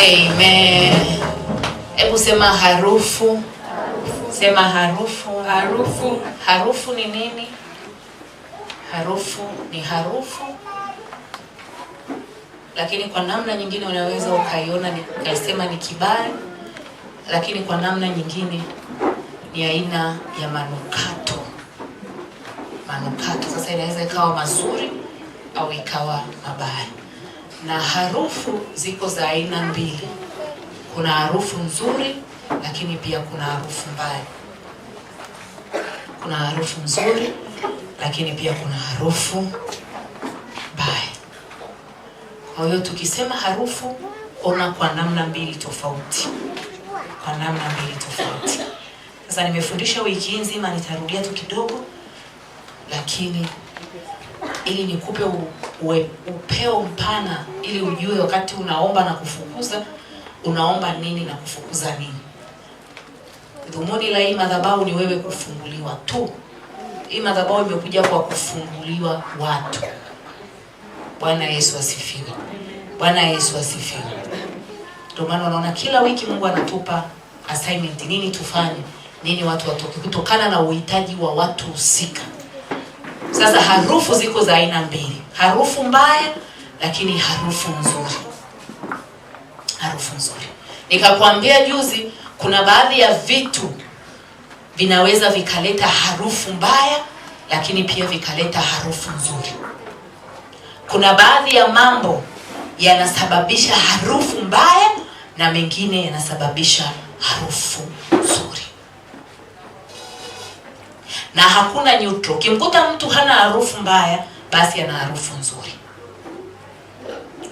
Amen. Hebu sema harufu. Sema harufu. Harufu. Harufu ni nini? Harufu ni harufu, lakini kwa namna nyingine unaweza ukaiona ukasema ni kibali, lakini kwa namna nyingine ni aina ya manukato. Manukato sasa inaweza ikawa mazuri au ikawa mabaya na harufu ziko za aina mbili, kuna harufu nzuri, lakini pia kuna harufu mbaya. Kuna harufu nzuri, lakini pia kuna harufu mbaya. Kwa hiyo tukisema harufu, ona kwa namna mbili tofauti, kwa namna mbili tofauti. Sasa nimefundisha wiki nzima, nitarudia tu kidogo, lakini ili nikupe upeo mpana ili ujue wakati unaomba na kufukuza unaomba nini na kufukuza nini. Dhumuni la hii madhabahu ni wewe kufunguliwa tu. Hii madhabahu imekuja kwa kufunguliwa watu. Bwana Yesu asifiwe. Bwana Yesu asifiwe. Ndio maana unaona kila wiki Mungu anatupa assignment, nini tufanye, nini watu watoke, kutokana na uhitaji wa watu husika. Sasa harufu ziko za aina mbili, harufu mbaya lakini harufu nzuri. Harufu nzuri, nikakwambia juzi, kuna baadhi ya vitu vinaweza vikaleta harufu mbaya, lakini pia vikaleta harufu nzuri. Kuna baadhi ya mambo yanasababisha harufu mbaya na mengine yanasababisha harufu nzuri na hakuna nyuto. Ukimkuta mtu hana harufu mbaya, basi ana harufu nzuri.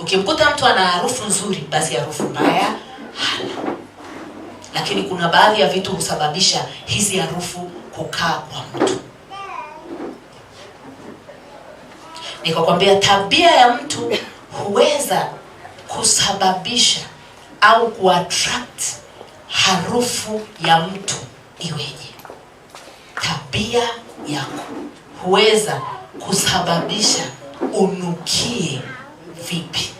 Ukimkuta mtu ana harufu nzuri, basi harufu mbaya hana. Lakini kuna baadhi ya vitu husababisha hizi harufu kukaa kwa mtu. Nikakwambia tabia ya mtu huweza kusababisha au kuattract harufu ya mtu iweje tabia yako huweza kusababisha unukie vipi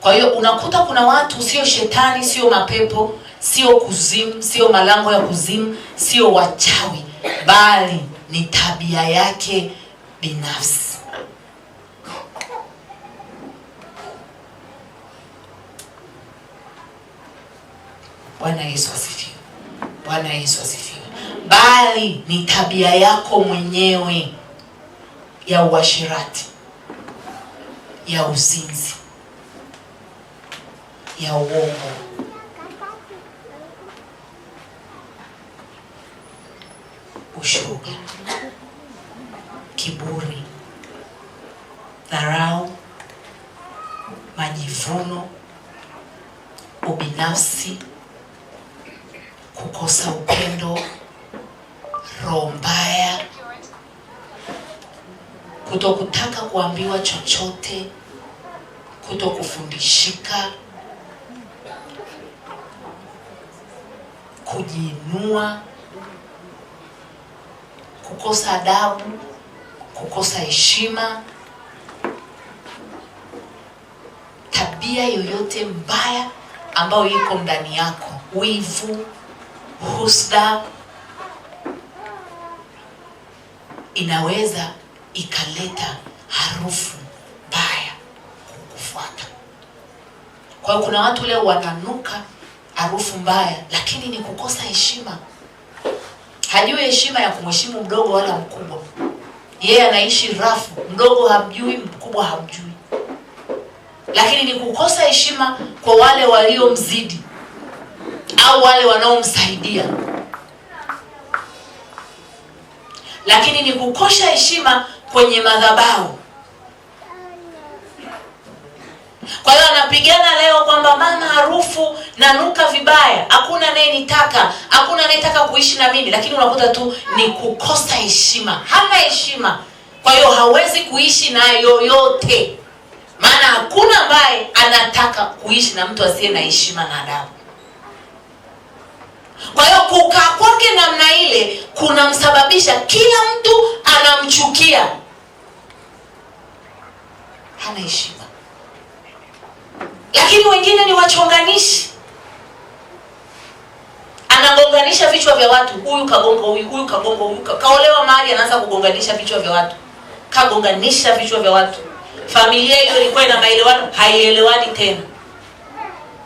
kwa hiyo unakuta kuna watu sio shetani sio mapepo sio kuzimu sio malango ya kuzimu sio wachawi bali ni tabia yake binafsi bwana yesu asifiwe bwana yesu asifiwe bali ni tabia yako mwenyewe ya uashirati ya uzinzi, ya uongo. ushoga, kiburi, dharau, majivuno, ubinafsi kutokutaka kuambiwa chochote, kutokufundishika, kujiinua, kukosa adabu, kukosa heshima, tabia yoyote mbaya ambayo iko ndani yako, wivu, husda, inaweza ikaleta harufu mbaya kufuata. Kwa hiyo kuna watu leo wananuka harufu mbaya, lakini ni kukosa heshima. Hajui heshima ya kumheshimu mdogo wala mkubwa, yeye anaishi rafu, mdogo hamjui, mkubwa hamjui, lakini ni kukosa heshima kwa wale waliomzidi au wale wanaomsaidia lakini ni kukosha heshima kwenye madhabahu. Kwa hiyo anapigana leo kwamba mama harufu nanuka vibaya, hakuna anayenitaka, hakuna anayetaka kuishi na mimi, lakini unakuta tu ni kukosa heshima, hana heshima. Kwa hiyo hawezi kuishi na yoyote, maana hakuna ambaye anataka kuishi na mtu asiye na heshima na adabu. Kwa hiyo kukaa kwake namna ile kunamsababisha kila mtu anamchukia hana heshima, lakini wengine ni wachonganishi, anagonganisha vichwa vya watu. Huyu kagonga huyu, huyu kagonga huyu, kaolewa mahali, anaanza kugonganisha vichwa vya watu, kagonganisha vichwa vya watu. Familia hiyo ilikuwa ina maelewano, haielewani tena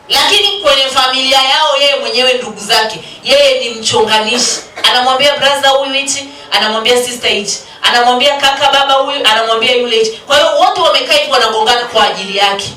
lakini kwenye familia yao yeye mwenyewe ndugu zake, yeye ni mchonganishi. Anamwambia brother huyu hichi, anamwambia sister hichi, anamwambia kaka baba huyu, anamwambia yule hichi. Kwa hiyo wote wamekaa hivi wanagongana kwa ajili yake.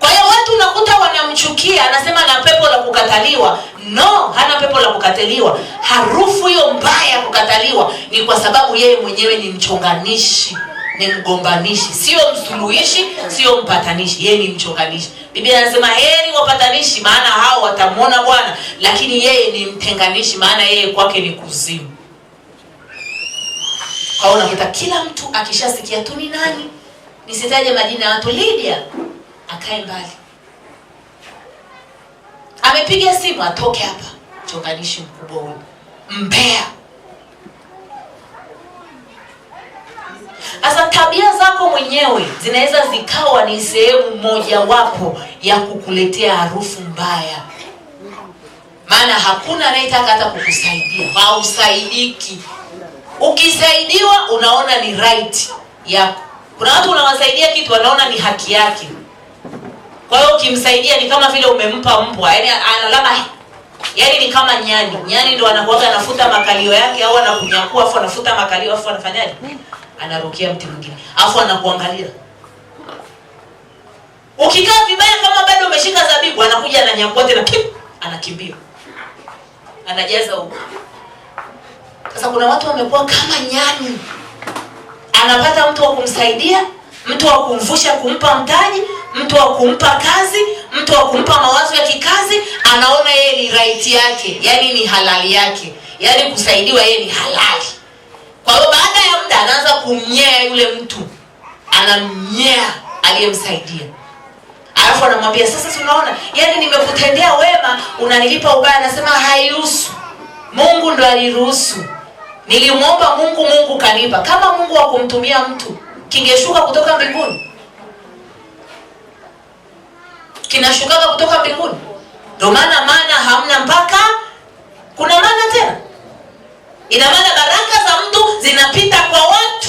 Kwa hiyo watu unakuta wanamchukia, anasema na pepo la kukataliwa. No, hana pepo la kukataliwa. Harufu hiyo mbaya ya kukataliwa ni kwa sababu yeye mwenyewe ni mchonganishi ni mgombanishi, sio msuluhishi, sio mpatanishi, yeye ni mchonganishi. Biblia anasema heri wapatanishi, maana hao watamwona Bwana, lakini yeye ni mtenganishi, maana yeye kwake ni kuzimu. Kwa kila mtu akishasikia tu ni nani, nisitaje majina ya watu, Lydia akae mbali, amepiga simu atoke hapa, mchonganishi mkubwa huyu, mbea Sasa tabia zako mwenyewe zinaweza zikawa ni sehemu mojawapo ya kukuletea harufu mbaya, maana hakuna anayetaka hata kukusaidia, hausaidiki. Ukisaidiwa unaona ni right yako. Kuna watu unawasaidia kitu wanaona ni haki yake, kwa hiyo ukimsaidia ni kama vile umempa mbwa, yaani analama yaani ni kama nyani. Nyani ndo anakuwaga anafuta makalio yake au anakunyakua afu anafuta makalio afu anafanyaje? anarukia mti mwingine, alafu anakuangalia. Ukikaa vibaya kama bado umeshika zabibu, anakuja ananyakua tena, anakimbia, anajaza huko. Sasa kuna watu wamekuwa kama nyani, anapata mtu wa kumsaidia, mtu wa kumvusha, kumpa mtaji, mtu wa kumpa kazi, mtu wa kumpa mawazo ya kikazi. Anaona yeye ni right yake, yani ni halali yake, yani kusaidiwa yeye ni halali. Kwa hiyo baada labda anaanza kumnyea yule mtu, anamnyea aliyemsaidia, alafu anamwambia sasa, unaona yani nimekutendea wema, unanilipa ubaya. Anasema hairuhusu, Mungu ndo aliruhusu, nilimwomba Mungu, Mungu kanipa. Kama Mungu wakumtumia mtu, kingeshuka kutoka mbinguni? Kinashukaga kutoka mbinguni? Ndio maana maana hamna mpaka kuna maana tena Ina maana baraka za mtu zinapita kwa watu.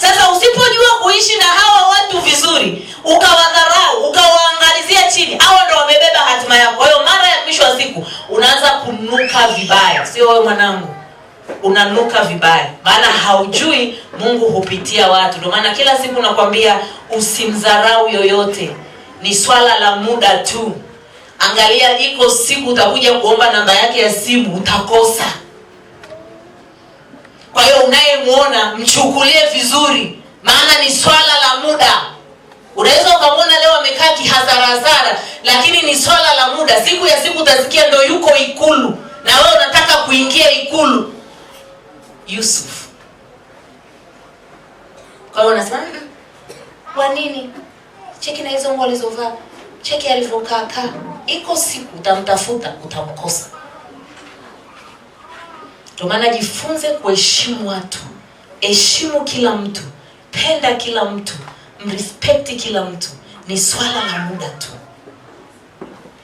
Sasa usipojua kuishi na hawa watu vizuri, ukawadharau, ukawaangalizia chini, hawa ndo wamebeba hatima yako. Kwa hiyo mara ya mwisho wa siku unaanza kunuka vibaya, sio wewe mwanangu, unanuka vibaya, maana haujui Mungu hupitia watu. Ndio maana kila siku nakwambia usimdharau yoyote, ni swala la muda tu. Angalia, iko siku utakuja kuomba namba yake ya simu, utakosa kwa hiyo unayemwona mchukulie vizuri, maana ni swala la muda. Unaweza ukamwona leo amekaa kihazarahazara lakini ni swala la muda. Siku ya siku utasikia ndo yuko Ikulu na wewe unataka kuingia Ikulu. Yusuf, kwa hiyo unasema ah, kwa nini? Cheki na hizo nguo alizovaa, cheki alivyokaakaa kaa. Iko siku utamtafuta utamkosa. Ndio maana jifunze kuheshimu watu, heshimu kila mtu, penda kila mtu, mrespect kila mtu. Ni swala la muda tu.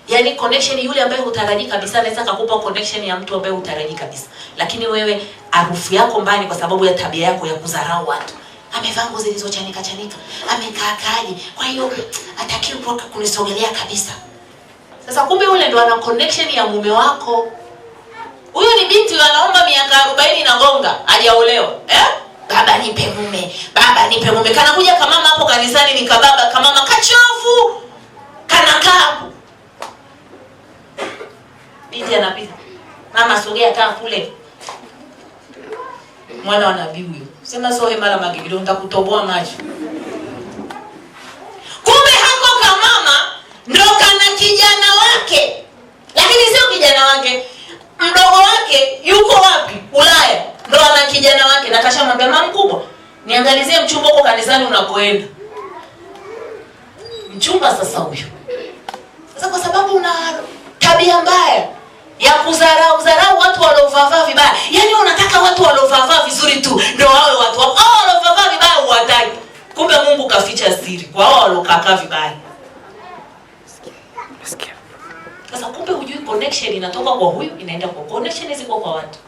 Yaani connection yule ambaye hutarajii kabisa anaweza kukupa connection ya mtu ambaye hutarajii kabisa. Lakini wewe harufu yako mbani kwa sababu ya tabia yako ya kudharau watu. Amevaa nguo zilizochanika chanika, amekaa kali. Kwa hiyo atakiwa kunisogelea kabisa. Sasa kumbe yule ndo ana connection ya mume wako. Huyu ni binti anaomba miaka arobaini na gonga, hajaolewa eh? Baba nipe mume, baba nipe mume. Kanakuja kamama hapo kanisani, ni kababa kamama kachofu, kanakaa hapo. Binti anapita, mama sogea, kaa kule, mwana wa nabii huyo, sema sohe mara magigilo, nitakutoboa maji Kumbe hako kamama ndo kana kijana wake, lakini sio kijana wake kijana wake na kashamwambia mama mkubwa, niangalizie mchumba huko kanisani unakoenda. Mchumba sasa huyo sasa, kwa sababu una tabia mbaya ya kuzarau zarau watu waliovaa vibaya, yaani unataka watu waliovaa vizuri tu ndio wawe watu wa oh, waliovaa vibaya uwataki Kumbe Mungu kaficha siri kwa wao walokaka vibaya. Sasa kumbe hujui connection inatoka kwa huyu inaenda kwa connection hizo kwa watu.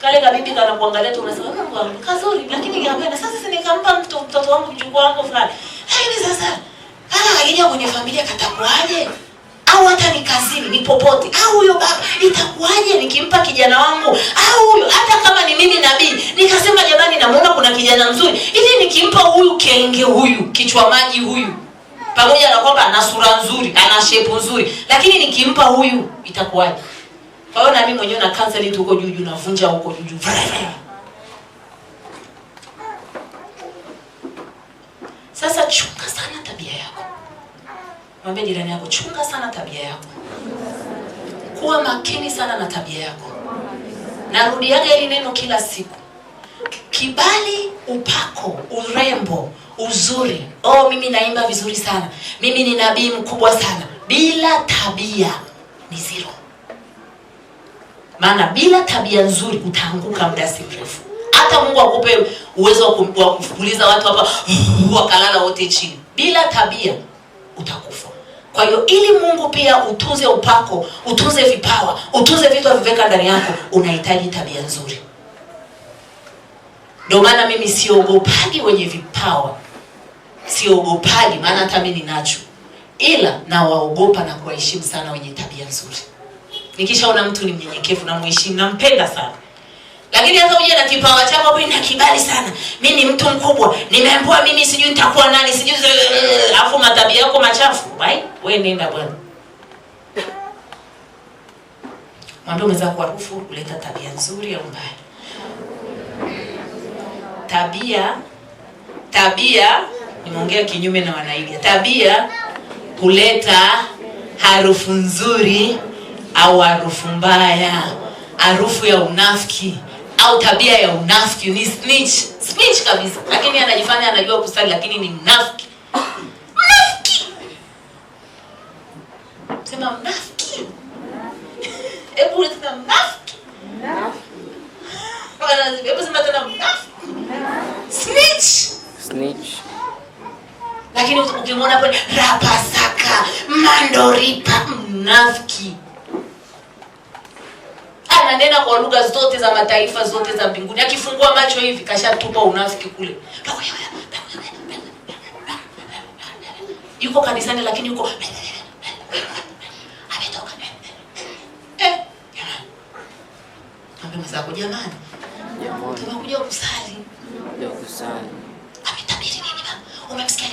Kale kabibi kanakuangalia tu unasema Mungu wangu kazuri, lakini yapenda sasa. Sasa nikampa mtu mtoto wangu mjukuu wangu fulani, lakini sasa hata ah, akija kwenye familia katakuaje? Au hata ni kazini, ni popote, au huyo baba itakuaje nikimpa kijana wangu? Au huyo hata kama ni mimi nabii nikasema, jamani, namuona kuna kijana mzuri ili nikimpa huyu kenge huyu kichwa maji huyu pamoja na kwamba ana sura nzuri, ana shepu nzuri, lakini nikimpa huyu itakuwaje? Kwa mimi mwenyewe na cancel huko juu juu, huko juu juu. Sasa chunga sana tabia yako. Mwambie jirani yako, chunga sana tabia yako, kuwa makini sana na tabia yako. Narudiaga hili neno kila siku, kibali, upako, urembo, uzuri. Oh, mimi naimba vizuri sana, mimi ni nabii mkubwa sana, bila tabia ni zero maana bila tabia nzuri utaanguka muda si mrefu. Hata Mungu akupe uwezo wa kufukuliza watu hapa wakalala wote chini, bila tabia utakufa. Kwa hiyo ili Mungu pia utunze upako, utunze vipawa, utunze vitu alivyoweka ndani yako, unahitaji tabia nzuri. Ndio maana mimi siogopagi wenye vipawa, siogopagi, maana hata mimi ninacho, ila nawaogopa na kuwaheshimu sana wenye tabia nzuri nikishaona mtu ni mnyenyekevu na mheshimu nampenda sana. Lakini hata uje na kipawa chako hapo ina kibali sana. Mimi ni mtu mkubwa, nimeambiwa mimi sijui nitakuwa nani, sijui alafu matabia yako machafu. Bai, wewe nenda bwana. Mwambie mwenzako kwa harufu kuleta tabia nzuri au mbaya. Tabia tabia nimeongea kinyume na wanaiga. Tabia kuleta harufu nzuri au harufu mbaya, harufu ya unafiki au tabia ya unafiki. Ni snitch, snitch kabisa, lakini anajifanya anajua kusali, lakini ni mnafiki. Mnafiki sema mnafiki, hebu sema mnafiki, hebu sema tena mnafiki, snitch, snitch. Lakini ukimwona kwenye rapasaka mandoripa, mnafiki ananena kwa lugha zote za mataifa zote za mbinguni. Akifungua macho hivi kashatupa unafiki kule, yuko kanisani lakini yuko ametoka eh, ambemazako jamani, tumekuja kusali, tumekuja kusali, ametabiri nini baba? Umemsikia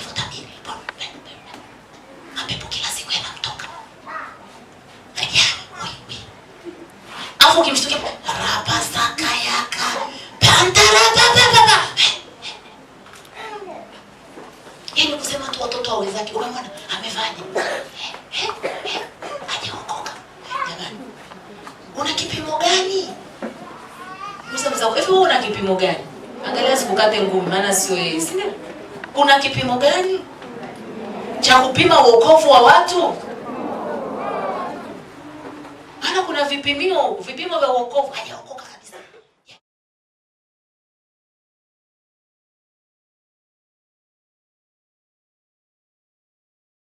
hapo ukimshtukia rabasakayaka pantarabababa yani kusema tu watoto wa wenzake unamwona amevaje hajaokoka jamani una kipimo gani hivi wewe una kipimo gani angalia sikukate ngumi maana sio yeye si una kipimo gani cha kupima uokovu wa watu kuna vipimio vipimo vya uokovu haja